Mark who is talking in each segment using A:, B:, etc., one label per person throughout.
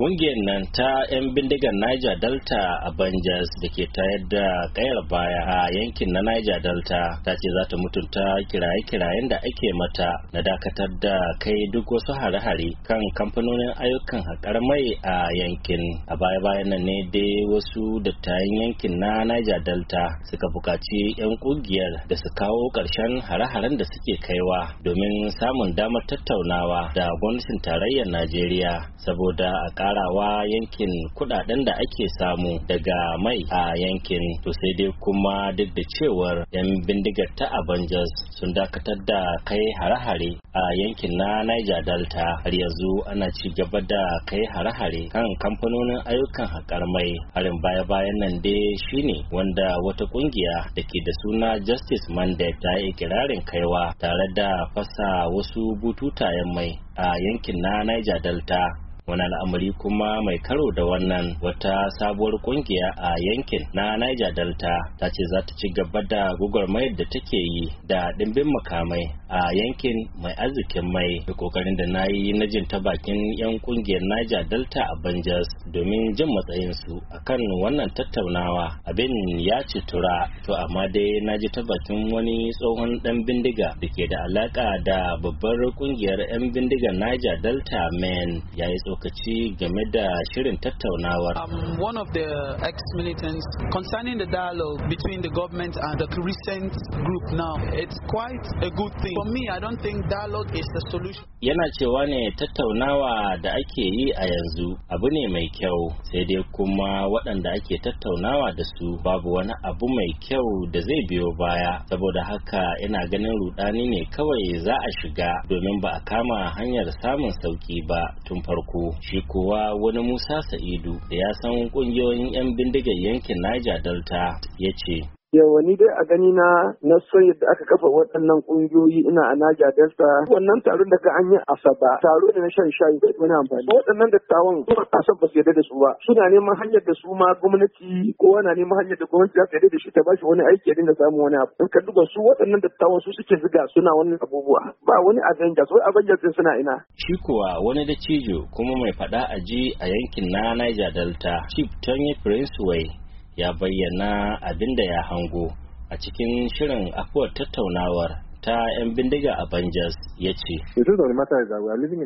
A: Ƙungiyar nan ta 'yan bindigar Niger Delta a Banjas da ke tayar da kayar baya a yankin na Niger Delta ta ce za ta mutunta kiraye-kirayen da ake mata na dakatar da kai duk wasu hare-hare kan kamfanonin ayyukan haƙar mai a yankin. A baya-bayan nan ne dai wasu dattayan yankin na Niger Delta suka buƙaci 'yan ƙungiyar da su kawo ƙarshen hare-haren da suke kaiwa domin samun damar tattaunawa da gwamnatin tarayyar Najeriya saboda a karawa yankin kudaden da ake samu daga mai a yankin to sai dai kuma duk da cewar yan bindigar ta Avengers sun dakatar da kai hare-hare a yankin na Niger Delta har yanzu ana ci gaba da kai hare-hare kan kamfanonin ayyukan haƙar mai harin baya-bayan nan dai shine wanda wata kungiya da ke da suna Justice Mandate ta yi kirarin kaiwa tare da fasa wasu bututayen mai a yankin na Niger Delta wani al'amari kuma mai karo da wannan wata sabuwar kungiya a yankin na niger delta ta ce za ta ci gaba da gwagwarmayar da take yi da ɗimbin makamai a yankin mai arzikin mai da kokarin da na yi na jin ta bakin 'yan kungiyar niger delta a banjas domin jin matsayinsu akan wannan tattaunawa abin ya ci tura to amma dai na ji ta bakin wani tsohon ɗan bindiga da ke da alaƙa da babbar kungiyar 'yan bindigar niger delta men ya yi lokaci game da shirin tattaunawar. I'm
B: one of the ex-militants concerning the dialogue between the government and the recent group now, it's quite a good thing. For me, I don't think dialogue is the solution.
A: Yana cewa ne tattaunawa da ake yi a yanzu abu ne mai kyau sai dai kuma waɗanda ake tattaunawa da su babu wani abu mai kyau da zai biyo baya saboda haka ina ganin rudani ne kawai za a shiga domin ba a kama hanyar samun sauki ba tun farko. Bako shi kuwa wani Musa Sa'idu da ya san kungiyoyin 'yan bindigar yankin Niger Delta ya ce
C: yawa ni dai a gani na na son yadda aka kafa waɗannan ƙungiyoyi ina a Naja Delta wannan taron da ka an yi asaba taro da na shan shayi bai wani amfani waɗannan dattawan kuma kasar ba su yarda da su ba suna neman hanyar da su ma gwamnati kowa na neman hanyar da gwamnati za ta yarda da shi ta bashi wani aiki ya dinga samun wani abu in ka duba su waɗannan dattawan su suke ziga suna wani abubuwa ba wani Avengers wai Avengers din suna ina
A: shi kuwa wani da cijo kuma mai faɗa a ji a yankin na Niger Delta Chief Tony Way ya bayyana abin da ya hango a cikin shirin akwai tattaunawar ta 'yan bindiga a Banjas ya ce.
C: The truth of the matter is that we are living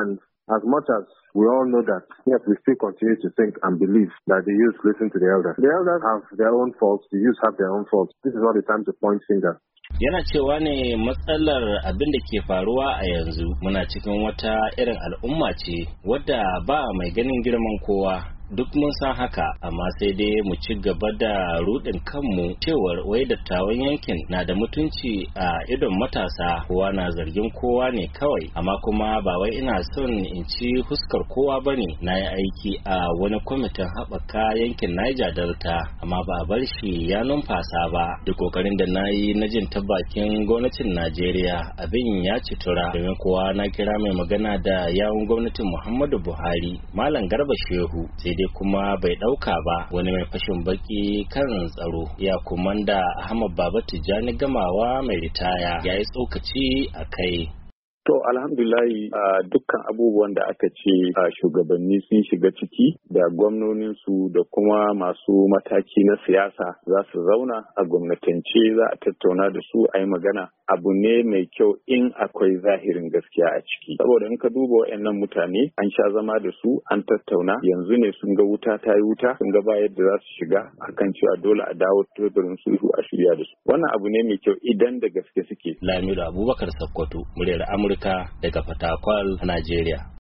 C: And as much as we all know that, yet we still continue to think and believe that the youth listen to the elders. The elders have their own faults, the youth have their own faults. This is not the time to point fingers.
A: yana cewa ne matsalar abin da ke faruwa a yanzu muna cikin wata irin al'umma ce wadda ba mai ganin girman kowa duk mun san haka amma sai dai mu ci gaba da rudin kanmu cewar wai dattawan yankin na da mutunci a idon matasa kowa na zargin kowa ne kawai amma kuma ba wai ina son in ci fuskar kowa ba ne na yi aiki a wani kwamitin haɓaka yankin niger delta amma ba a bar shi ya numfasa ba duk kokarin da na yi na jin ta bakin gwamnatin najeriya abin ya ci tura domin kowa na kira mai magana da yawun gwamnatin muhammadu buhari malam garba shehu sai dai kuma bai ɗauka ba wani mai fashin baki kan tsaro ya kumanda ahmad baba tijjani gamawa mai ritaya ya yi tsokaci a kai To alhamdulahi a dukkan abubuwan
B: da aka ce a shugabanni sun shiga ciki da gwamnoninsu da kuma masu mataki na siyasa za su zauna a gwamnatance za a tattauna da su a yi magana abu ne mai kyau in akwai zahirin gaskiya a ciki. Saboda in ka duba wa'annan mutane an sha zama da su an tattauna yanzu ne sun ga wuta ta yi wuta sun ga ba yadda za su shiga akan cewa dole a dawo teburin sulhu a shirya da su. Wannan abu ne mai kyau idan da gaske suke. Lamido
A: Abubakar Sakkwato, muryar Amurka. Amurka daga Fatakwal, Najeriya.